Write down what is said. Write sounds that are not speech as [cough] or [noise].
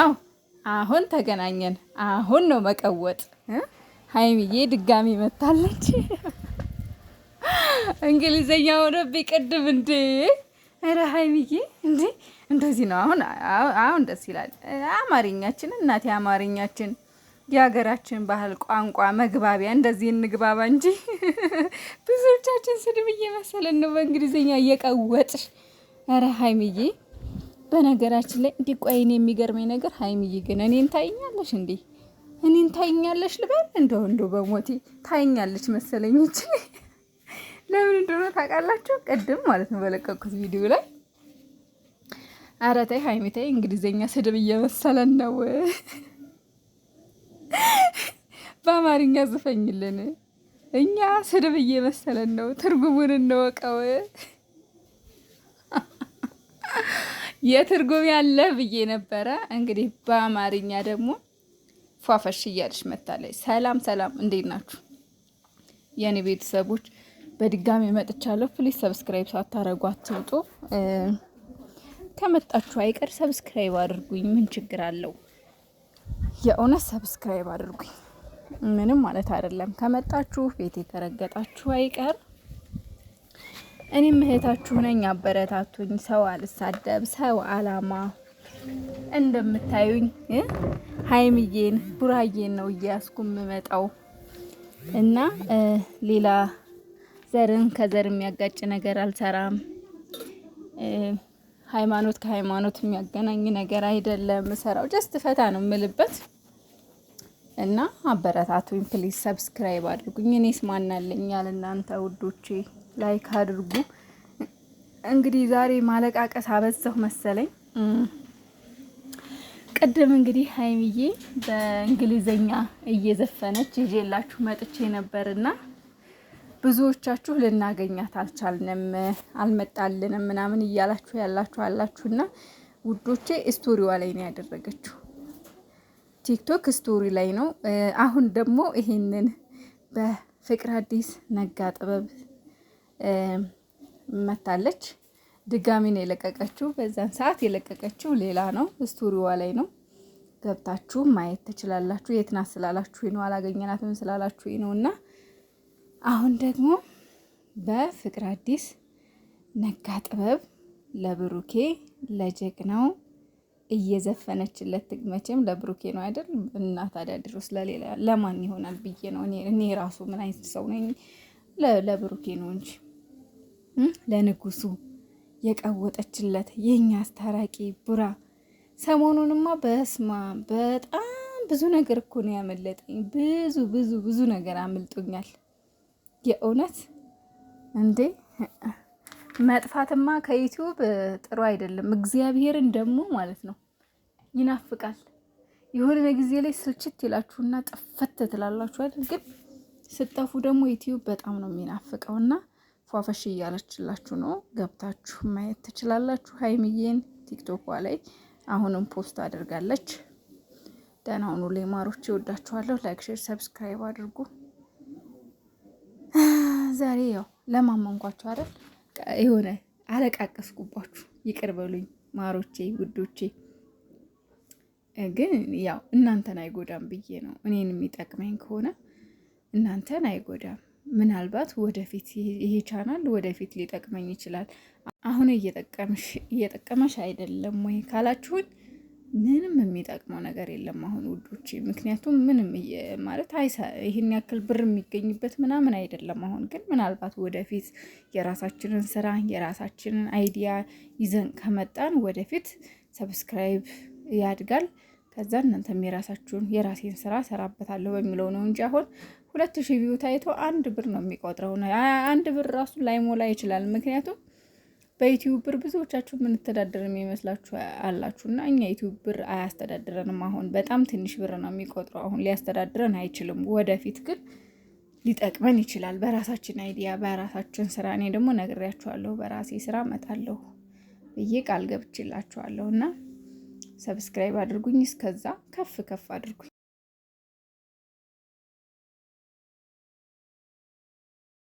አዎ አሁን ተገናኘን። አሁን ነው መቀወጥ። ሀይሚዬ ድጋሚ መታለች። እንግሊዘኛ ሆነብኝ ቅድም። እንዴ ኧረ ሀይሚዬ እንዴ እንደዚህ ነው አሁን። አሁን ደስ ይላል አማርኛችን። እናቴ አማርኛችን የሀገራችን ባህል ቋንቋ መግባቢያ እንደዚህ እንግባባ እንጂ [laughs] ብዙዎቻችን ስድብ እየመሰለን ነው። በእንግሊዝኛ እየቀወጥ ረ ሀይምዬ። በነገራችን ላይ እንዲ ቆይን የሚገርመኝ ነገር ሀይምዬ ግን እኔን ታይኛለሽ እንዴ? እኔን ታይኛለሽ ልበል? እንደው እንደው በሞቴ ታይኛለች መሰለኞች [laughs] ለምን እንደሆነ ታውቃላችሁ? ቅድም ማለት ነው በለቀኩት ቪዲዮ ላይ አረ ተይ ሀይሚ ተይ፣ እንግሊዝኛ ስድብ እየመሰለን ነው [laughs] በአማርኛ ዝፈኝልን። እኛ ስድብ እየመሰለን ነው። ትርጉሙን እንወቀው። የትርጉም ያለ ብዬ ነበረ። እንግዲህ በአማርኛ ደግሞ ፏፈሽ እያልሽ መታለች። ሰላም ሰላም፣ እንዴት ናችሁ የእኔ ቤተሰቦች? በድጋሚ መጥቻለሁ። ፕሊስ ሰብስክራይብ ሳታረጉ አትውጡ። ከመጣችሁ አይቀር ሰብስክራይብ አድርጉኝ። ምን ችግር አለው? የእውነት ሰብስክራይብ አድርጉኝ። ምንም ማለት አይደለም። ከመጣችሁ ቤት የተረገጣችሁ አይቀር እኔም እህታችሁ ነኝ። አበረታቱኝ። ሰው አልሳደብ፣ ሰው አላማ እንደምታዩኝ ሀይምዬን ቡራዬን ነው እያያዝኩ የምመጣው እና ሌላ ዘርን ከዘር የሚያጋጭ ነገር አልሰራም። ሃይማኖት ከሃይማኖት የሚያገናኝ ነገር አይደለም። ሰራው ጀስት ፈታ ነው የምልበት እና አበረታቱኝ ፕሊዝ ሰብስክራይብ አድርጉኝ። እኔስ ማናለኛል እናንተ ውዶቼ ላይክ አድርጉ። እንግዲህ ዛሬ ማለቃቀስ አበዛሁ መሰለኝ። ቅድም እንግዲህ ሀይሚዬ በእንግሊዘኛ እየዘፈነች ይዤላችሁ መጥቼ ነበርና ብዙዎቻችሁ ልናገኛት አልቻልንም፣ አልመጣልንም ምናምን እያላችሁ ያላችሁ አላችሁና ውዶቼ ስቶሪዋ ላይ ነው ያደረገችው ቲክቶክ ስቶሪ ላይ ነው። አሁን ደግሞ ይሄንን በፍቅር አዲስ ነጋ ጥበብ መታለች። ድጋሚ ነው የለቀቀችው። በዛን ሰዓት የለቀቀችው ሌላ ነው፣ ስቶሪዋ ላይ ነው። ገብታችሁ ማየት ትችላላችሁ። የት ናት ስላላችሁ ነው፣ አላገኘናትም ስላላችሁ ነው። እና አሁን ደግሞ በፍቅር አዲስ ነጋ ጥበብ ለብሩኬ ለጀግናው እየዘፈነችለት መቼም ለብሩኬ ነው አይደል? እናት ታዲያ ድሮስ ለሌላ ለማን ይሆናል ብዬ ነው እኔ ራሱ ምን አይነት ሰው ነኝ? ለብሩኬ ነው እንጂ ለንጉሱ የቀወጠችለት የኛ አስታራቂ ቡራ። ሰሞኑንማ በስማ በጣም ብዙ ነገር እኮ ነው ያመለጠኝ። ብዙ ብዙ ብዙ ነገር አምልጦኛል የእውነት እንዴ መጥፋትማ ከዩቲዩብ ጥሩ አይደለም። እግዚአብሔርን ደግሞ ማለት ነው ይናፍቃል። የሆነ ጊዜ ላይ ስልችት ይላችሁና ጥፍት ትላላችሁ አይደል? ግን ስጠፉ ደግሞ ዩቲዩብ በጣም ነው የሚናፍቀው እና ፏፈሽ እያለችላችሁ ነው። ገብታችሁ ማየት ትችላላችሁ። ሀይሚዬን ቲክቶኳ ላይ አሁንም ፖስት አድርጋለች። ደህና ሁኑ ሌማሮች፣ ይወዳችኋለሁ። ላይክ፣ ሼር፣ ሰብስክራይብ አድርጉ። ዛሬ ያው ለማመንኳችሁ አይደል የሆነ አለቃቀስኩባችሁ ይቅር በሉኝ ማሮቼ ውዶቼ። ግን ያው እናንተን አይጎዳም ብዬ ነው። እኔን የሚጠቅመኝ ከሆነ እናንተን አይጎዳም። ምናልባት ወደፊት ይሄ ቻናል ወደፊት ሊጠቅመኝ ይችላል። አሁን እየጠቀመሽ አይደለም ወይ ካላችሁኝ ምንም የሚጠቅመው ነገር የለም አሁን ውዶች። ምክንያቱም ምንም ማለት ይህን ያክል ብር የሚገኝበት ምናምን አይደለም። አሁን ግን ምናልባት ወደፊት የራሳችንን ስራ የራሳችንን አይዲያ ይዘን ከመጣን ወደፊት ሰብስክራይብ ያድጋል። ከዛ እናንተም የራሳችሁን የራሴን ስራ ሰራበታለሁ በሚለው ነው እንጂ አሁን ሁለት ሺህ ቪው ታይቶ አንድ ብር ነው የሚቆጥረው። አንድ ብር ራሱ ላይሞላ ይችላል ምክንያቱም በዩቲዩብ ብር ብዙዎቻችሁ የምንተዳደር የሚመስላችሁ አላችሁ እና እኛ ዩቲዩብ ብር አያስተዳድረንም። አሁን በጣም ትንሽ ብር ነው የሚቆጥረው። አሁን ሊያስተዳድረን አይችልም። ወደፊት ግን ሊጠቅመን ይችላል። በራሳችን አይዲያ፣ በራሳችን ስራ። እኔ ደግሞ ነግሬያችኋለሁ፣ በራሴ ስራ መጣለሁ። ብዬ ቃል ገብችላችኋለሁ እና ሰብስክራይብ አድርጉኝ። እስከዛ ከፍ ከፍ አድርጉኝ።